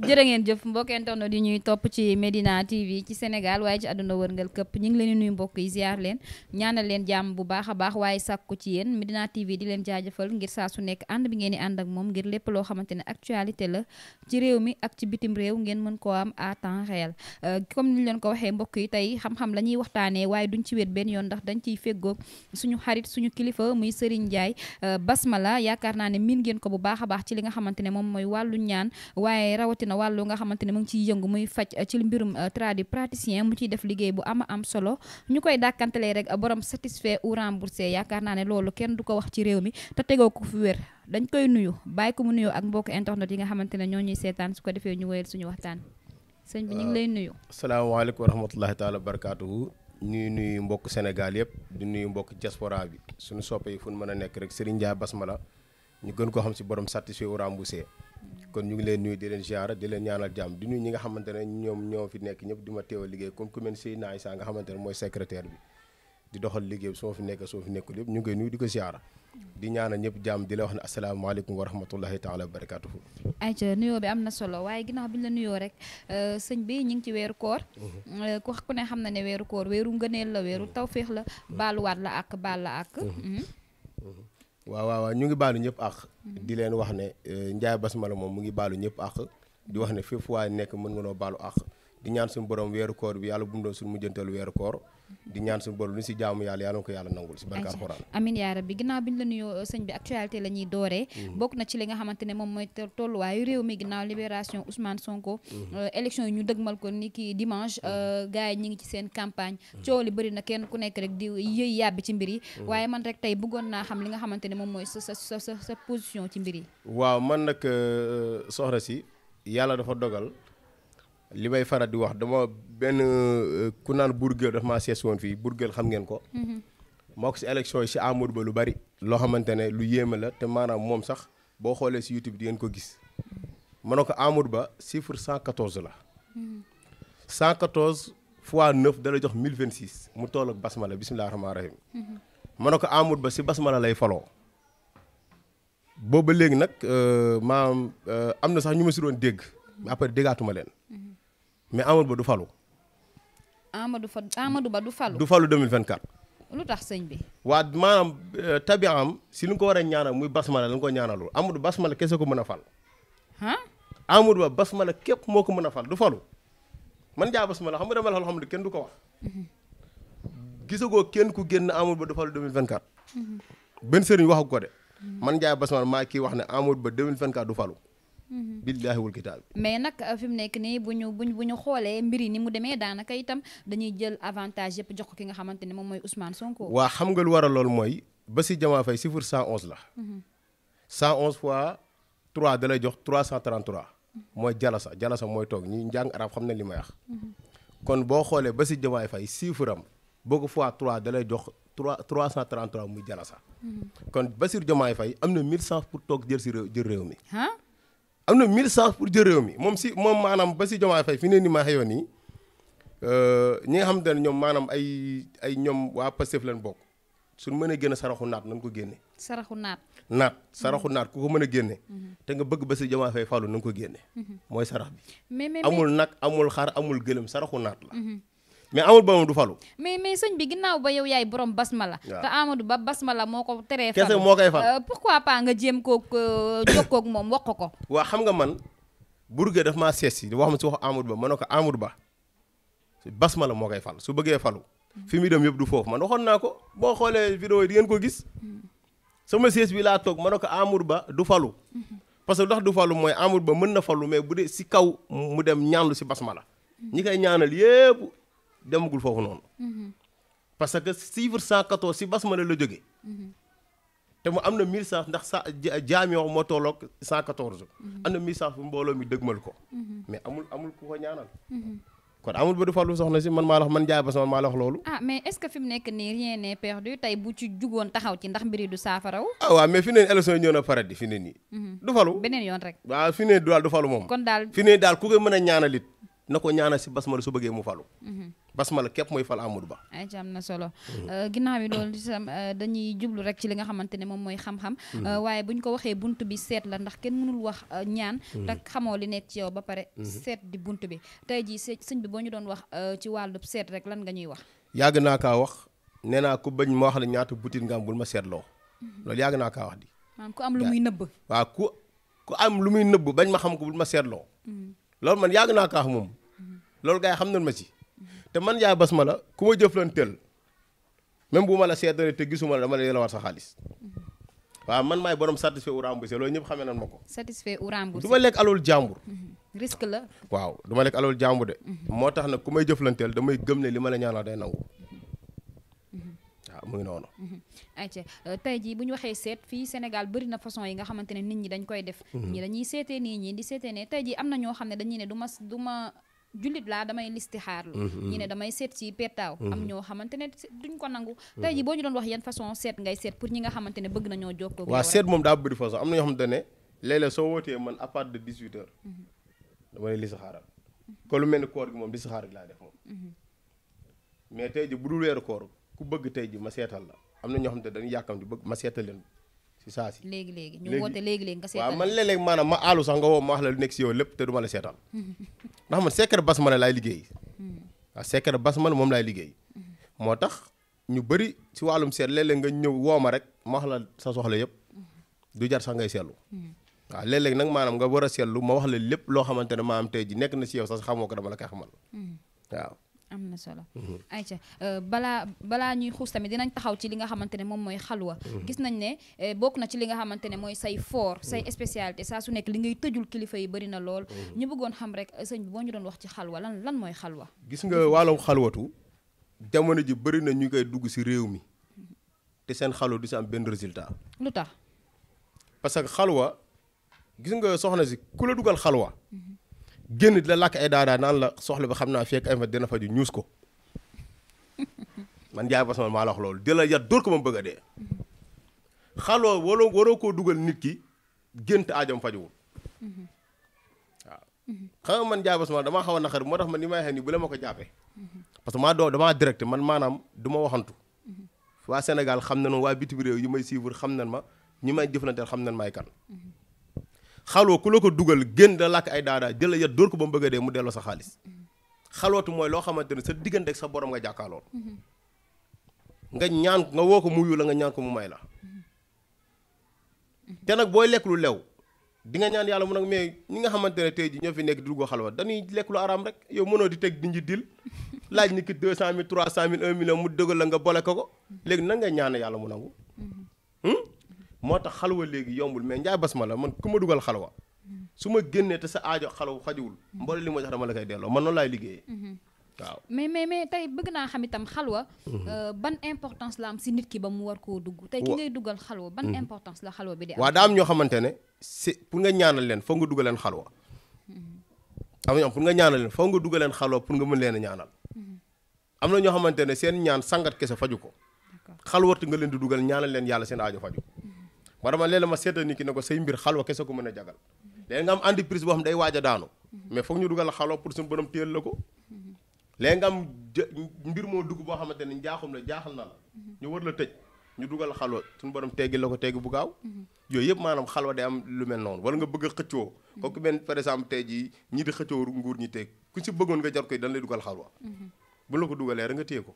jërë ngeen jëf mbokk internet yi ñuy topp ci Medina TV ci Sénégal waaye ci àdduna wërngal këpp ñu ngi leen di nuyu mbokk yi ziar leen ñaanal leen jàmm bu baax a baax waaye sàkku ci yéen Medina TV di leen jaajëfal ngir saa su nekk ànd bi ngeen di ànd ak moom ngir lépp loo xamante ne actualité la ci réew mi ak ci bitim réew ngeen mën koo am à temps réel euh, comme ni ñu leen ko waxee mbokk yi tey xam-xam la ñuy waxtaanee waaye duñ ci wéet benn yoon ndax dañ ciy feggoog suñu xarit suñu kilifa muy Serigne Ndiaye euh, basmala yaakaar naa ne miin ngeen ko bu baax a baax ci li nga xamante ne moom mooy wàllu ñaan waaye rawatina rawatina wàllu nga xamante ne mu ngi ciy yëngu muy faj ci mbirum euh, tradipraticien mu ciy def liggéey bu ama am solo ñu koy dàkkantalee rek borom satisfait ou remboursé yaakaar naa ne loolu kenn du ko wax ci réew mi te tegoo ko fu wér dañ koy nuyu bàyyi ko mu nuyoo ak mbokk internet yi nga xamante ne ñoo ñuy seetaan su ko defee ñu wéyal suñu waxtaan sëñ bi ñu lay euh, nuyu asalaamaaleykum wa rahmatullahi taala wa ñuy nuyu mbokk Sénégal yëpp du nuyu mbokk diaspora bi suñu soppe yi fu mën a nekk rek Serigne Ndiaye Basmala ñu gën koo xam si borom satisfait ou remboursé kon ñu ngi leen nuyu di leen genre di leen ñaanal jàmm di nuyu ñi nga xamante ne ñoom ñoo fi nekk ñëpp di ma teew a liggéey comme ku mel Seydina Issa nga xamante ne mooy liggéey soo fi nekk soo fi nekkul yëpp ñu ngi nuyu di ko ziara di ñaanal ñëpp jàmm di la wax ne asalaamaaleykum wa rahmatullahi taala wa barakatuhu ayca nuyoo bi am na solo waaye ginnaaw bi ñu la nuyoo rek euh, sëñ bi ñu ngi ci weeru koor mhm. euh, ku ku ne xam na ne weeru koor weeru ngëneel la weeru mhm. tawféex la waat la ak baal la ak mhm. waaw waaw ñu ngi baalu ñëpp àq. di leen wax ne euh, Ndiaye Basmala moom mu ngi baalu ñëpp àq. di wax ne fépp waaye nekk mën nga noo baalu àq di ñaan suñu borom weeru koor bi yàlla bu mu doon suñu mujjantal weeru koor. di ñaan suñu borom lu ñu si jaamu yàlla yàlla na ko yàlla nangul si barka alxuraan amin yaa rabbi ginnaaw bi ñu la nuyoo euh, sëñ bi actualité la ñuy mhm. bokk na ci li nga xamante ne moom mooy tolluwaayu réew mi ginnaaw libération Ousmane Sonko mhm. euh, élection yi ñu mal ko ni ki dimanche mhm. euh, gars yi ñi ngi ci seen campagne coow li bëri na kenn ku nekk rek di yëy yàbbi ci mbir yi waaye man rek tey bëggoon naa xam li nga xamante ne moom mooy sa sa sa sa position ci mbir yi waaw man nag soxna si yàlla dafa dogal li may faral di wax dama benn euh, ku naan Bourguel daf maa sees woon fii Bourguel xam ngeen ko. Mm-hmm. moo ko si élection yi si Amadou Ba lu bari. loo xamante ne lu yéeme la te maanaam moom sax boo xoolee si YouTube di ngeen ko gis. ma ne ko Amadou Ba chiffre 114 la. 114 mm-hmm. fois 9 dala jox 1026 mu toll ak basmala bisimilah rahmaani mm-hmm. ma ne ko Amadou Ba si basmala lay faloo. booba léegi nag euh, maam euh, am na sax ñu ma si doon dégg. mais après déggaatuma leen. mais Amadou Ba du falu. Amadou fa Amadou Ba du falu. du falu 2024. lu tax sëñ bi. waa maanaam euh, tabiaam si lu ko war a ñaanal muy basmala la ñu ko ñaanalul Amadou basmala kese ko mën a fal. Amadou Ba basmala képp moo ko mën a fal du falu man jaa basmala xam nga dama la xam ne kenn du ko wax. gisagoo kenn ku génn Amadou Ba du falu 2024. Mhm. benn sëriñ waxu ko de. man jaa basmala maa kii wax ne Amadou Ba 2024 du falu. Mm-hmm. billaahi wal kitaab mais nag uh, fi mu nekk nii bu ñu buñ bu ñu xoolee mbir yi ni mu demee daanaka itam dañuy jël avantage yëpp jox ko ki nga xamante ni moom mooy Ousmane Sonko. waa xam nga lu war a lool mooy ba si Diomaye Faye chiffre 111 la. 111 mm-hmm. fois 3 da lay jox 333. mooy jalasa jalasa mooy toog ñi njàng xam na li may mm-hmm. kon boo xoolee ba si Diomaye Faye chiffre am boo ko fois 3 da lay jox. 3 333 muy jalasa kon Bassirou Diomaye fay am na 1100 pour toog jël si réew jël réew mi. am na mille chances pour jël réew mi moom si moom maanaam ba si Diomaye Faye fi neen ni ma xëyoon nii euh, ñi nga xam te ñoom maanaam ay ay ñoom waa Pastef leen bokk suñ mën a génne saraxu naat nañ ko génne. saraxu naat. naat saraxu mhm. naat ku ko mën a génne. Mhm. te nga bëgg ba si Diomaye Faye fàllu na nga ko génne. Mhm. mooy sarax bi. mais amul nag amul xar amul gëlëm saraxu naat la. mais Amadou Ba moom du falu. mais mais sëñ bi ginnaaw ba yow yaay borom basmala. la te Amadou Ba la moo ko teree. falu moo koy fal euh, pourquoi pas nga jéem koog jokkoo moom wax ko ko. waaw xam nga man Bourgué daf maa sees si wax ma si wax Amadou Ba ma ko Amadou Ba basmala moo koy fal su bëggee falu. Mm. fi muy dem yëpp du foofu man waxoon naa ko boo xoolee vidéo yi di ko gis. Mm. sama sees bi laa toog ma ne ko Amadou Ba du falu. Mm-hmm. parce que ndax du falu mooy Amadou Ba mën na falu mais bu dee si kaw mu dem ñaanlu si basmala. Mm. ñi koy ñaanal yëpp. demagul foofu noonu. Mm-hmm. parce que chiffre 114 si basmala la jóge mm-hmm. te mu am na 1100 ndax sa jaamiyoo moo tolloog 114. Mm-hmm. am na 1100 bu mbooloo mi dëgmal ko. mais amul ku ko ñaanal. kon amul ba du fàllu soxna si man maa la man jaay bas man maa la wax loolu. ah mais est fi mu nekk nii rien n'est perdu tey bu ci jugoon taxaw ci ndax mbiri du saafaraw. ah waaw mais fi neen élection yi ñëw na fi neen nii. du falu beneen yoon rek. waaw fi neen daal du falu moom. kon daal fi neen daal ku koy mën si basmala su bëggee mu falu. la kepp mooy fal Amadou Ba. ay ci am na solo euh, ginnaaw bi loolu itam euh, dañuy jublu rek ci li nga xamante ne moom mooy xam-xam. Mm-hmm. Euh, waaye buñ ko waxee bunt bi seet la ndax kenn mënul wax ñaan. Mm-hmm. te xamoo li nekk ci yow ba pare. Mm-hmm. seet di bunt bi tey jii sëñ bi boo ñu doon wax ci wàllu seet rek lan ñuy wax. yàgg naa kaa wax nee naa ku bañ wax la ñaata butit nga bul ma seetloo. loolu yàgg naa kaa wax di. maanaam ku am lu muy nëbb. waa ku ku am lu muy nëbb bañ ma xam ko bul ma seetloo. loolu man yàgg naa kaa wax moom. loolu gars yi xam nañ ma si te man yaay bas ma la ku ma jëflanteel même bu ma la seetalee te gisuma la dama lay yelwaat sa xaalis waaw man maay borom satisfait ou remboursé loolu ñëpp xame nan ma ko. satisfait ou remboursé du aloolu jàmbur. Mm-hmm. risque la. waaw du lekk aloolu jàmbur mm-hmm. moo tax nag ku may jëflanteel damay gëm ne li ma la ñaanal day nangu. Mm-hmm. waaw mu ngi noonu. ayca euh, tey jii bu ñu waxee seet fii Sénégal bari na façon yi nga xamante ne nit ñi dañ koy def. ñi dañuy seetee nii ñii di seetee ne tey jii am na ñoo xam ne dañuy ne du ma du ma jullit laa damay listixaarlu mhm, mhm. ñi ne damay seet ci pettaaw mhm. am ñoo xamante ne duñ ko nangu tey ji boo ñu doon wax yan façon seet ngay seet pour ñi nga xamante ne bëgg nañoo jokkoo waaw seet moom daa bëri façon am na ñoo xamante ne léeg soo wootee man à de 18 heures damay listixaaral kon lu mel ni koor gi moom listixaar gi laa def moom mais tey bu dul weeru koor ku bëgg tey ji ma seetal la am na ñoo xamante dañuy yàkkamti bëgg ma seetal leen si saa si. léegi léegi ñu woote léegi léegi nga seetal waaw man léeg-léeg maanaam ma aalu sax nga woo ma wax la nekk si yow lépp te du ma la seetaan ndax man secret basmala laay liggéey hmm. waaw secret basmala moom laay liggéey hmm. moo tax ñu bëri si wàllum seet léeg nga ñëw woo ma rek ma wax la sa soxla yëpp hmm. du jar sax ngay seetlu waaw léeg-léeg nag maanaam nga war a seetlu ma wax la lépp loo xamante ne maanaam tey ji nekk na si yow sax xamoo ko dama la koy xamal waaw am na solo mhm. ayca euh, balaa balaa ñuy xuus tamit dinañ taxaw ci li nga xamante ne moom mooy xalwa mhm. gis nañ ne euh, bokk na ci li nga xamante ne mooy say fort say spécialité saa su nekk li ngay tëjul kilifa yi bëri na lool mhm. ñu bëggoon xam rek euh, sëñ bi boo ñu doon wax ci xalwa lan lan mooy xalwa gis nga wàllu xalwatu jamono ji bëri na ñu koy dugg si réew mi te seen xalwa du si am benn résultat lu tax parce que xalwa gis nga soxna si ku la dugal xalwa génn di la làkk ay daadaa naan la soxla bi xam naa fekk ay ma dina faju ñuus ko man jaay basmal maa la wax loolu di la yat dóor ko ma bëgg a dee xaloo waroo waroo koo dugal nit ki gént aajam fajuwul waaw xam man jaay basmal damaa xaw a naqar moo tax ma ni may xeen ni bu la ma ko jàppee parce que maa doo damaa direct man maanaam du ma waxantu waa Sénégal xam nañu waa bitim réew yi may suivre xam nañ ma ñi may jëflanteel xam nañ maay kan xaloo ku la ko dugal génn da làkk ay daadaa jël yat dóor ko ba mu bëgg a dee mu delloo sa xaalis mm-hmm. xalootu mooy loo xamante ne sa diggante ak sa borom nga jàkkaarloo mm-hmm. nga ñaan nga woo ko mu la nga ñaan ko mu may la mm-hmm. te nag booy lekk lu lew di nga ñaan yàlla mu nag mais ñi nga xamante ne tey ji ñoo fi nekk di dugg xalwa dañuy lekk lu rek yow mënoo di teg di dil laaj ni ki deux cent mille trois cent mille mu dëgal la nga bole ko ko léegi nan nga ñaan yàlla mu nangu hmm? moo tax xalwa léegi yombul mais njaay bas ma la man ku ma dugal xalwa su ma génnee te sa aajo xalaw xajuwul mboole li ma jox dama la koy delloo man noonu laay liggéeyee mhm. mais mais mais tey bëgg naa xam itam xalwa mhm. euh, ban importance la si nit ki ba mu war koo dugg tey ki dugal xalwa ban mhm. importance la xalwa bi di am waaw ñoo xamante ne si pour nga ñaanal leen foog nga dugal leen xalwa am na ñoo pour nga ñaanal foog nga dugal leen xalwa pour nga mën leen a ñaanal am na ñoo xamante ne seen ñaan sangat kese faju ko xalwatu nga leen di dugal ñaanal leen yàlla seen aajo faju ma dama léeg-léeg ma seetal nit ki ne ko say mbir xalwa kese ko mën a jagal léegi nga am entreprise boo xam day waaj daanu mais foog ñu dugal la xalwa pour suñu borom téel la ko léegi nga am mbir moo dugg boo xamante ne njaaxum la jaaxal na ñu war la tëj ñu dugal xalwa suñu borom teggi la ko teggi bu gaaw yooyu yëpp maanaam xalwa day am lu mel noonu wala nga bëgg a xëccoo kooku benn par exemple tey jii ñii di xëccoo nguur ñi teg ku si bëggoon nga jar koy dañ lay dugal xalwa bu la ko dugalee rek nga téye ko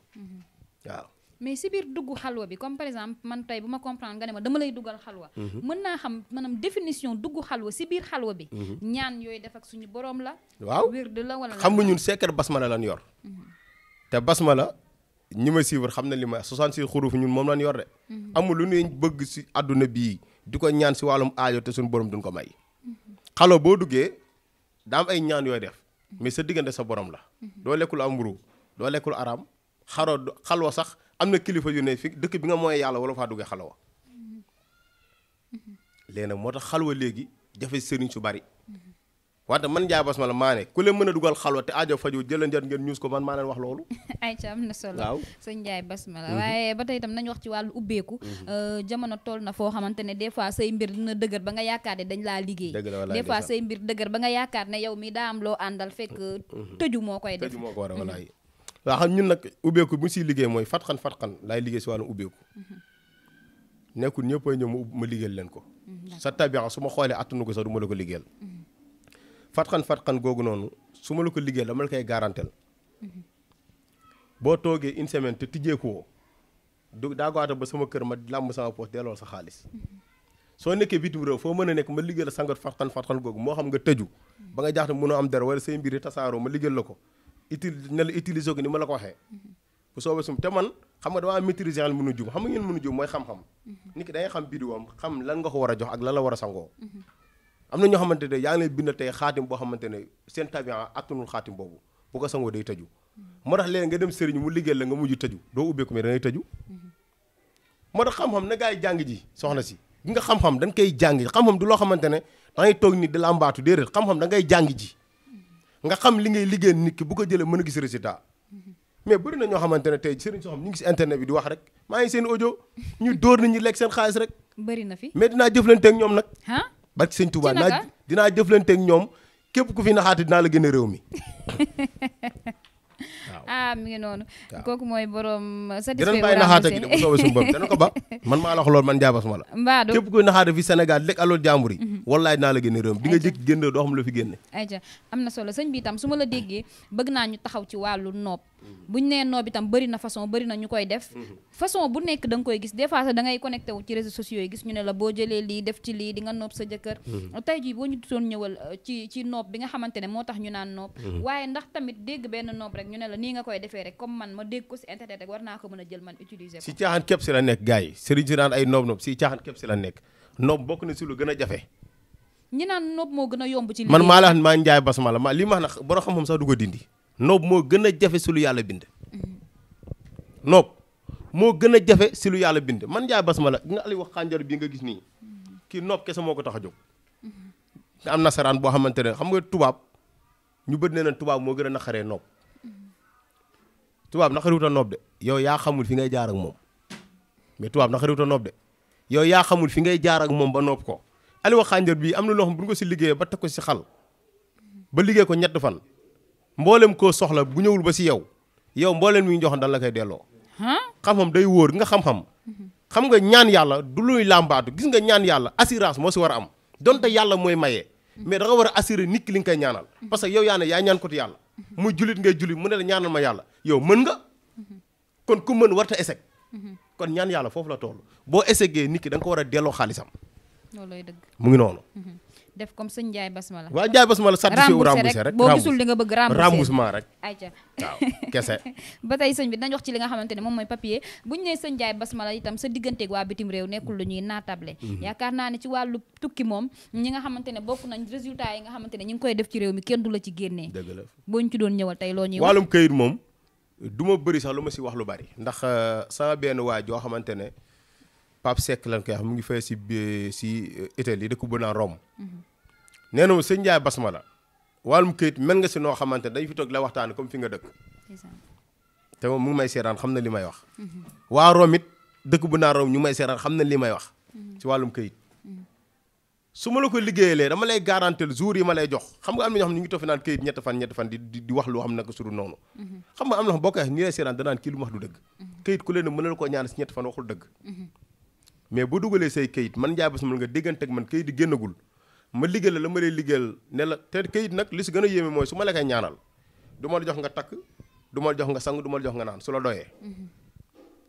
waaw mais si biir dugg xalwa bi comme par exemple man tey bu ma comprendre nga ne ma dama lay dugal xalwa mhm. mën naa xam maanaam définition dugg xalwa si biir xalwa bi mhm. ñaan yooyu def ak suñu borom la waaw wird la wala xam nga ñun secret basmala lan yor mhm. te la ñi ma suivre xam na li ma 66 xuruf ñun moom lan yor de amul lu ñuy bëgg si àdduna bii di ko ñaan si wàllum aajo te suñu borom duñ ko may xalwa boo duggee daa ay ñaan yooy def mais sa diggante sa borom la doo lekkul mburu doo lekkul aram xaro xalwa sax am na kilifa yu ne fi dëkk bi nga mooy yàlla wala faa duggee xalwa moo tax xalwa léegi jafe sëriñ su bari wante man Ndiaye Basmala maa ne ku leen mën a dugal xalwa te ajo faju jëla njat ngeen ñuus ko man maa leen wax loolu ayca am na solo waaw sëñ Ndiaye Basmala mhm. waaye ba tey itam nañ wax ci wàllu ubbeeku mhm. euh, jamono toll na foo xamante ne des fois say mbir dina dëgër ba nga yaakaar ne dañ laa liggéey des fois say mbir dëgër ba nga yaakaar ne yow mi daa am loo àndal fekk mhm. tëju moo koy def waaw xam ñun nag ubbeeku bu ñu siy liggéey mooy fatxan fatxan laay liggéey si wàllum ubbeeku mm-hmm. nekkul ñëppay ñëw ma liggéeyal leen ko mm-hmm, sa tabia su ma xoolee attunu ko sax du ma la ko liggéeyal mm-hmm. fatxan fatxan googu noonu su ma la ko liggéeyal dama la koy garantel boo toogee une semaine te tijjeeku woo du ba sama kër ma làmb sama poos delloo sa xaalis soo nekkee bitim réew foo mën a nekk ma liggéeyal sangat fatxan fatxan googu moo xam nga tëju ba nga jaaxle munoo am dara wala say mbir yi tasaaroo ma liggéeyal la ko utile ne la utiliser ko ni ma la ko waxee bu soobee sum te man xam nga damaa maîtriser al mënu jum xam nga ngeen mënu jum mooy xam-xam nit ki da ngay xam xam lan nga ko war a jox ak lan la war sangoo am na ñoo xamante ne yaa ngi lay bind tey xaatim boo xamante ne seen tabian attanul xaatim boobu bu ko sangoo day tëju moo tax léegi nga dem sëriñ mu liggéey la nga mujj tëju doo ubbeeku mais dangay tëju moo tax xam-xam na gaay jàng ji soxna si gi nga xam-xam dañ koy jàng xam-xam du loo xamante ne dangay toog ni di làmbaatu déedéet xam-xam da ngay jàng ji nga xam li ngay liggéey nit ki bu ko jëlee mën a gis résultat mais bëri na ñoo xamante ne tey sëriñ soo xam ñu ngi si internet bi di wax rek maa ngi seen audio ñu dóor nit ñu lekk seen xaalis rek. bëri na fi mais dinaa jëflante ak ñoom nag. ah barki sëñ naa dinaa jëflante ak ñoom képp ku fi naxaati dinaa la génne réew mi. ah mu ngi noonu. kooku mooy borom. satisfait bu raxas gi de bu soobee suñu bopp ko ba man maa la wax man jaabas ma la. mbaa képp kuy naxaate fi Sénégal lekk alool jàmbur yi. Mhm. wallaay dinaa la génne réew mi nga jëkk génn doo xam la fi génne. ayca am na solo sañ bi tam suma la déggee bëgg naa ñu taxaw ci wàllu nopp bu buñ nee noob itam bëri na façon bëri na ñu koy def façon bu nekk da nga koy gis des fois sax da ngay connecté wu ci réseaux sociaux yi gis ñu ne la boo jëlee lii def ci lii di noob sa jëkkër mm-hmm. tey jii boo ñu doon ñëwal euh, ci ci noob bi nga xamante ne moo tax ñu naan noob mm-hmm. waaye ndax tamit dégg benn noob rek ñu ne la nii nga koy defee rek comme man ma dégg ko si internet war naa ko a jël man utiliser ko si caaxaan képp si la nekk gars yi sëriñ si naan ay noob noob si caaxaan képp si la nekk noob bokk na si lu gën a jafe ñu naan noob moo gën a yomb ci man maa la maa njaay basmala ma li ma wax nag borom xam-xam sax du ko dindi noob moo gën a jafe si lu yàlla bind noob moo gën a jafe si lu yàlla bind man njaay basmala nga ali wax xànjar bii nga gis nii kii noob kese moo ko tax a jóg nga am nasaraan boo xamante ne xam nga tubaab ñu bët na tubaab moo gën a naqaree noob tubaab naqariwut a noob de yow yaa xamul fi ngay jaar ak moom mais tubaab naqariwut a de yow yaa xamul fi ngay jaar ak moom ba noob ko ali wax xànjar bii am na loo xam bu ñu ko si liggéeyee ba teg ko si xal ba liggéey ko ñett fan mboolem koo soxla bu ñëwul ba si yow yow mboolem mi ñu joxoon dan la koy delloo. xam-xam day wóor nga xam-xam. xam nga ñaan yàlla du luy làmbaatu gis nga ñaan yàlla assurance moo si war a am donte yàlla mooy maye. mais da war a assurer nit li nga koy ñaanal. parce que yow yaa yaa ñaan ko ti yàlla. muy julit ngay julit mu ne la ñaanal ma yàlla yow mën nga. kon ku mën warta échec. kon ñaan yàlla foofu la toll boo échecgee nit ki da nga ko war a delloo xaalisam. loolooy dëgg mu ngi noonu. Mhm. def comme sëñ Ndiaye Basmala. waaw Ndiaye Basmala sàtt si remboursé rek boo gisul li nga bëgg remboursement rek. ayca waaw kese. ba tey bi dinañ wax ci li nga xamante ne moom mooy papier bu ñu nee sëñ Ndiaye itam sa digganteeg waa bitim réew nekkul lu ñuy naatable. Mhm. yaakaar naa ne ci wàllu tukki moom ñi nga xamante ne bokk nañ résultat yi nga xamante ne ñu ngi koy def ci réew mi kenn du la ci génnee. dëgg la boo ñu ci doon ñëwal tey loo ñuy wax. wàllum këyit moom du ma bëri sax lu ma si wax lu bari. ndax euh, sama benn waa joo xamante ne Pape Seck lan koy wax mu ngi fay si si eh, Italie dëkk bu naan Rome. nee na ma sëñ Ndiaye Basmala wàllum këyit mel nga si noo xamante dañ fi toog la waxtaan comme fi nga dëkk. te moom mu ngi may seeraan li may wax. waa Rome bu naan ñu may seeraan xam na li may wax. si wàllum këyit. su ma la ko liggéeyalee dama lay garantel yi ma lay jox xam nga am na ñoo xam ne ñu ngi toog fi naan këyit ñetti fan ñetti fan di di wax loo xam naka nga am na xam boo koy wax nii lay seeraan danaan kii lu mu wax du dëgg këyit ku leen mën na la ko ñaan si ñetti fan waxul dëgg mais bu dugalee say kayit man Ndiaye Basma nga déggante man kayit yi génnagul ma liggéeyal la ma lay liggéeyal ne la te kayit nag li si gën a yéeme mooy su ma la koy jox nga takk du ma la jox nga sang du ma la jox nga naan su la doyee. Mm-hmm.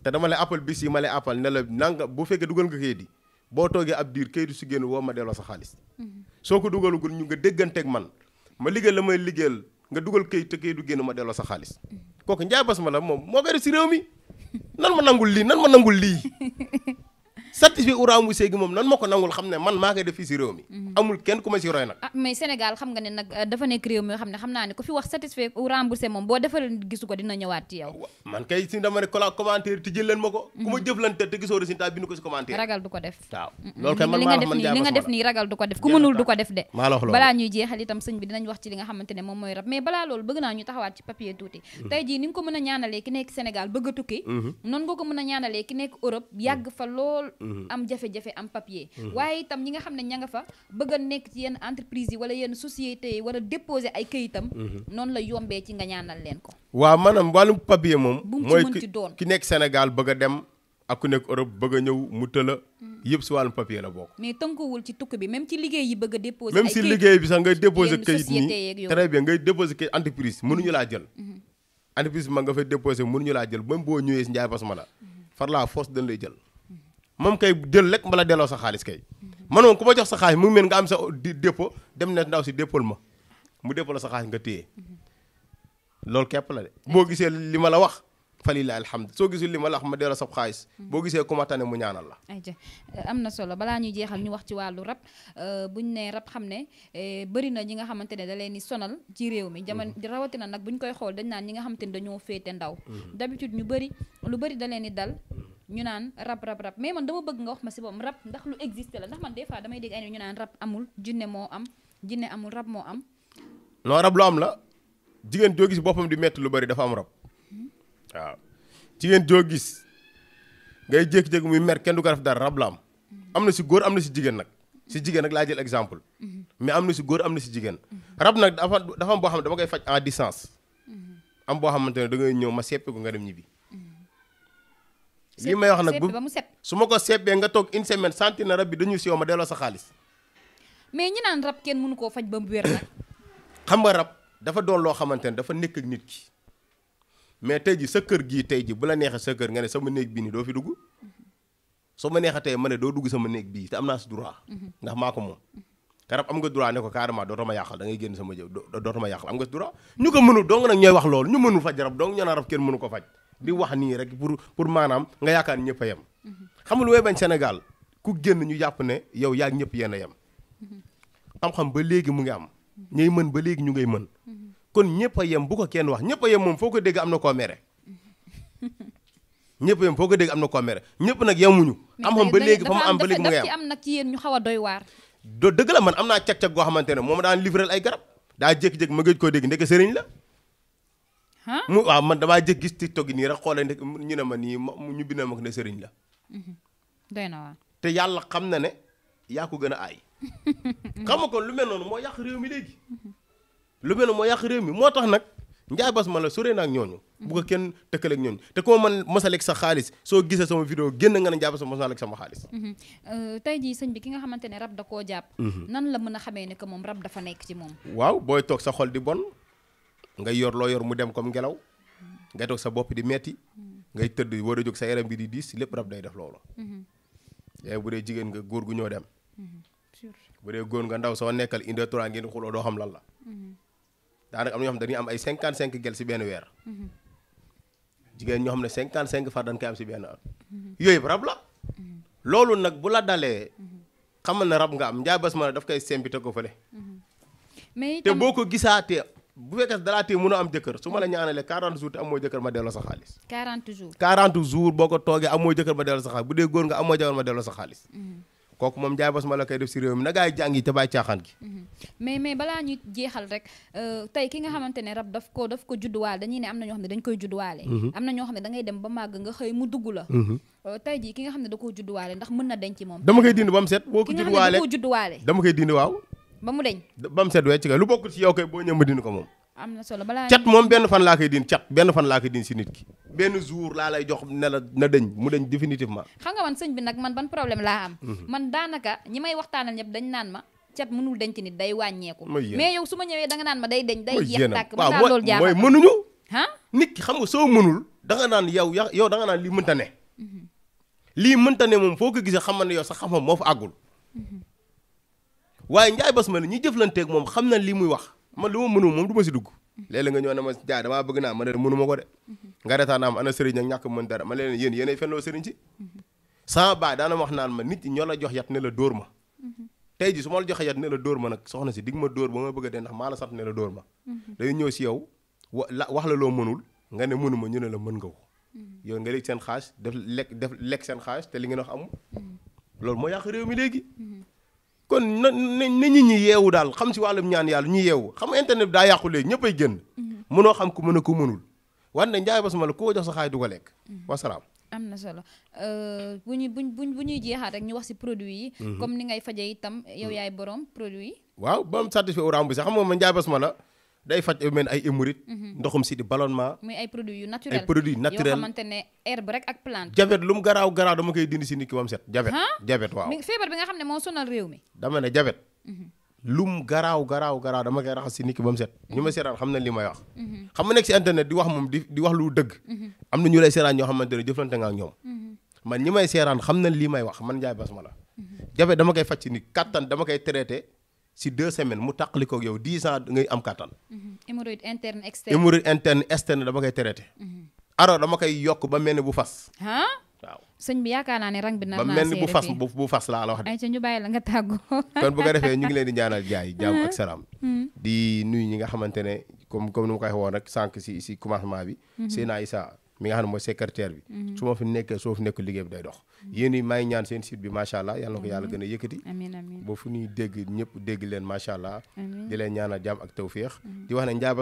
te dama lay appal bis yi ma lay appal la nanga bu fekkee dugal nga kayit yi boo toogee ab diir kayit su génn woo ma delloo sa xaalis. Mm-hmm. soo ko dugalagul ñu nga déggante man ma liggéeyal la may liggéeyal nga dugal kayit te kayit génn ma delloo sa xaalis mm-hmm. kooku Ndiaye ma la moom moo bëri si réew mi nan ma nangul lii nan ma nangul lii satisfait wu raamu seegi moom nan ma ko nangul xam ne man maa koy def fii si réew mi. amul kenn ku ma si roy nag ah Sénégal xam nga ne nag euh, dafa nekk réew mi xam ne xam naa ne ku fi wax satisfait ou remboursé moom boo defal gisu ko dina ñëwaat ci yow man kay si dama ne kola commentaire ti leen ma ko ku ma mhm. jëflante de maa la wax loolu balaa ñuy jeexal itam sëñ bi dinañ wax ci nga xamante ne moom mooy rab mais balaa loolu bëgg naa ñu taxawaat ci papier tuuti mhm. tey jii ni nga ko mën a ñaanalee ki nekk Sénégal bëgg a tukki mhm. noonu nga ko mën a ñaanalee ki nekk Europe yàgg fa lool am jafe-jafe am papier bëgg a nekk ci yenn entreprise yi wala yenn société yi war a déposer ay këyitam. Mhm. noonu la yombee ci nga ñaanal leen ko. waaw maanaam wàllum papier moom. mooy ki nekk Sénégal bëgg a dem. ak ku nekk Europe bëgg a ñëw mu tëla mhm. yëpp si wàllum papier la bokk. mais tënkuwul ci tukki bi même ci liggéey yi bëgg a déposer. ay même si liggéey bi sax ngay déposer këyit nii très bien ngay déposer këyit entreprise mënuñu laa jël. Mhm. entreprise bi ma nga fay déposer mënuñu laa jël même boo ñëwee si njaay bas ma la. moom kay jël rek mbala delloo sa xaalis kay man moom ku ma jox sa xaalis mu ngi mel nga am sa dépôt dem na ndaw si dépôt ma mu dépôt la sa xaalis nga téye loolu képp la de boo gisee li ma la wax falilaa alhamdu soo gisul li ma la wax ma delloo sa xaalis boo gisee ku ma mu ñaanal la ayca euh, am na solo balaa ñuy jeexal ñu wax ci wàllu rab euh, buñ nee rab xam ne eh, bëri na ñi nga xamante ne da leen di sonal ci réew mi jamono mm-hmm. rawatina nag buñ koy xool dañ naan ñi nga xamante ne dañoo féete ndaw mm-hmm. d'habitude ñu bëri lu bëri da leen di ñu naan rab rab rab mais man dama bëgg nga wax ma si boppam rab ndax lu existé la ndax man des fois damay dégg ay ñu naan rab amul jinne moo am jinne amul rab moo am. non rab am la jigéen joo gis boppam di metti lu bari dafa am rab jigéen joo gis ngay jékki-jékki muy mer kenn du ko def dara am am na si góor am na si jigéen nag si jigéen nag laa jël exemple mais am na si góor am na si jigéen rab nag dafa dafa am boo xam ne dama koy faj en distance am boo xamante ne da ngay ñëw ma seppi ko nga dem ñibbi. li may wax nag bu su ma ko seppee nga toog une semaine santi na rab bi dañuy siw ma delloo sa xaalis. mais ñi naan rab kenn mënu koo faj ba mu wér nag. xam nga rab dafa doon loo xamante ne dafa nekk ak nit ki tey ji sa kër gii tey ji bu la neexee sa kër nga ne sama néeg bi nii doo fi dugg soo ma neexee ma ne doo dugg sama néeg bii am naa si droit. ndax maa ko moom. karab am nga droit ne ko carrément dootoo ma yàqal da ngay génn sama jëw dootoo ma yàqal dong nag ñooy wax loolu ñu mënul faj rab dong ñoo rab kenn mënu ko faj bi wax nii rek pour pour maanaam nga yaakaar ñëpp a yem. xamul way bañ Sénégal ku génn ñu jàpp ne yow yaa ñëpp yéen a yem. xam ba léegi mu ngi am. ñuy mën ba léegi ñu ngay mën. kon ñëpp a yem bu ko kenn wax ñëpp yem moom foo ko dégg am na koo mere. ñëpp yem foo ko dégg am ñëpp nag yamuñu am xam ba léegi fa mu am ba léegi mu ngi am am nag ci yéen ñu xaw a doy waar. doo dëgg la man am naa cag-cag goo xamante ne moom daan livrer ay garab daa jékki-jékki ma gëj koo dégg ndeke sëriñ la mu waaw man damaa jëg gis TikTok yi nii rek xoolee ndek ñu ne ma nii ñu bindee ma ko ne sëriñ la. Mm-hmm. doy na waa te yàlla xam na ne yaa ko gën a aay. xam nga kon lu mel noonu moo yàq réew mi léegi. lu mel noonu moo yàq mi moo tax nag njaay bas ma la sore na ak ñooñu. bu ko kenn tëkkaleeg ñooñu te koo man mosaleeg sa xaalis soo gisee sama vidéo génn nga ne njaay bas ma mosaleeg sama xaalis. Mm-hmm. Euh, tey jii sëñ bi ki nga xamante ne rab da koo jàpp. Mm-hmm. nan la mën a xamee ne que moom rab dafa nekk ci moom. waaw booy toog sa di bon. nga yor loo yor mu dem comme ngelaw ngay toog sa bopp di metti ngay tëdd war a jóg sa yaram bi di diis lépp rab day def loolu. yaay mhm. eh, bu dee jigéen nga góor gu ñoo dem. Mhm. bu dee góor nga ndaw soo nekkal une deux trois xuloo doo xam lan la. Mhm. daanaka am na ñoo xam dañuy am ay cinquante cinq gel si benn weer. jigéen ñoo xam ne cinquante cinq far dañ koy am si benn at. yooyu rab la. loolu nag bu la dalee. xamal na rab nga am njaay bas ma daf koy sempite ko fële. mais te boo bu fekkee dalaa téye mënoo am jëkkër su ma la ñaanalee 40 jours te amoo jëkkër ma delloo sa xaalis. 40 jours 40 jours boo ko toogee amoo jëkkër ma delloo sa xaalis bu dee góor nga amoo mhm. na gaay mhm. euh, ne rab daf ko daf ko judduwaale dañuy ne am na ñoo xam ne dañ koy judduwaale. Mhm. am na ñoo xam ne da ngay dem ba màgg nga xëy mu dugg la. Euh, tey jii ki nga xam ne da koo judduwaale ndax mën na denc moom. dama koy dindi ba mu set boo ko judduwaale dama koy dindi waaw ba mu deñ ba mu set wecc kay lu bokkul ci yow kay boo ñëw ma dindi ko moom. am na solo balaa cat moom benn fan laa koy diin cat benn fan laa koy diin si nit ki. benn jour laa lay jox ne na deñ mu deñ définitivement. xam nga man sëñ bi nag man ban problème laa am. Mhm. man daanaka ñi may waxtaanal ñëpp dañ naan ma. cat mënul denc nit day wàññeeku. mais yow su ma ñëwee da nga naan ma day deñ day jeex tàkk ba daal loolu jaaxal mooy mënuñu. ah nit ki xam nga soo mënul da nga naan yow ya yow da nga naan lii mënta ne. Mhm. lii mënta ne moom foo ko gisee xam ne yow sax xam-xam moo fa àggul. Mhm. waaye Ndiaye Bass ma ne ñi jëflanteeg moom xam na li muy wax man lu ma mënu moom du si dugg léeg nga ñëw ne ma jaay damaa bëgg naa ma ne mënu ma ko de nga retaan dara ma leen yéen yéenay fenloo sëriñ si sama baay daana wax naan ma nit ñi ñoo la jox yat ne la dóor ma tey ji su ma la joxee yat ne la ma nag soxna si dig ma dóor ba ma bëgg a dee ndax maa la sant ne la dóor si yow la wax la loo mënul nga ne mënuma ñu ne la mën ko yow nga léegi seen xaas def lekk def lekk seen xaas te li ngeen wax amul loolu moo yàq réew mi léegi kon na na nit ñi yeewu daal xam si wàllum ñaan yàlla ñu yeewu xam internet bi daa yàqu léegi ñëpp ay génn. mënoo mm-hmm. xam ku mën a ku mënul. wante njaay basuma la koo jox sa xaay du ko lekk. Mm-hmm. wasalaam. am na solo euh, bu ñu bu ñu bu ñuy jeexaat rek ñu wax si produit yi. Mm-hmm. comme ni ngay fajee itam yow yaay borom produit yi. waaw ba mu satisfait oram bi sax xam nga man njaay ma la. day faj lu mel ay hémorroïde mhm. ndoxum si di ballonnement. muy ay produits yu naturel ay produits naturels yoo xamante ne herbe rek ak plante. jabet lu ne moo sonal réew mi. dama ne jabet. Mhm. lum garaaw garaaw garaaw dama koy raxas si nit ki ba mu set ñu ma mhm. seeraan xam ne lii may wax xam nga nekk si internet di wax moom di di wax dëgg am na ñu lay ñoo xamante ne jëflante nga ak ñoom man ñi may seeraan xam na li may wax man Ndiaye Basmala jafe dama koy faj si nit kattan dama koy traité si deux semaine mu taqali koog yow dix ans ngay am kàttan. Mm-hmm. hémorroïde interne externe. hémorroïde interne externe dama koy traité. Mm-hmm. alors dama koy yokk ba mel ni bu fas. waaw sëñ bi yaakaar naa ne rang bi. nar naa ba mel ni bu fas bu fas laa la wax de. ay ca ñu bàyyi la nga tàggoo. kon bu ko defee ñu ngi leen di ñaanal jaay jàmm ak salaam. Mm-hmm. di nuyu ñi nga xamante ne comme comme ni ma ko waxee woon rek sànq si si commencement bi. Seydina Issa mi nga xam ne mooy secrétaire bi. su ma fi nekkee soo nekk liggéey bi day dox. yéen i maa ngi ñaan seen site bi macha allah yal ko yàlla gën a yëkkati ba fu ñuy dégg ñëpp dégg leen macha allah di leen ñaanal jàmm ak tawféex di wax ne Ndiaye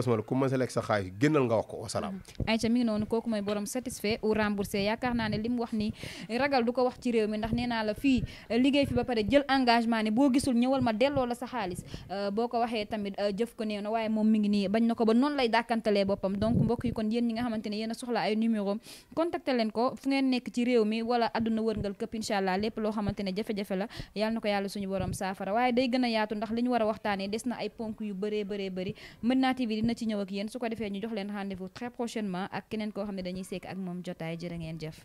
ko wax ni ragal euh, euh, a soxla ay numéro contacté leen ko fu ngeen nekk ci réew mi wala àdduna àdduna wërngal këpp incha allah lépp loo xamante ne jafe-jafe la yàlla na ko yàlla suñu borom saafara waaye day gën yaatu ndax li ñu war a waxtaanee des na ay ponk yu bëree bëree bëri Medina TV dina ci ñëw ak yéen su ko defee ñu jox leen rendez-vous très prochainement ak keneen koo xam ne dañuy sekk ak moom jotaay jërë ngeen jëf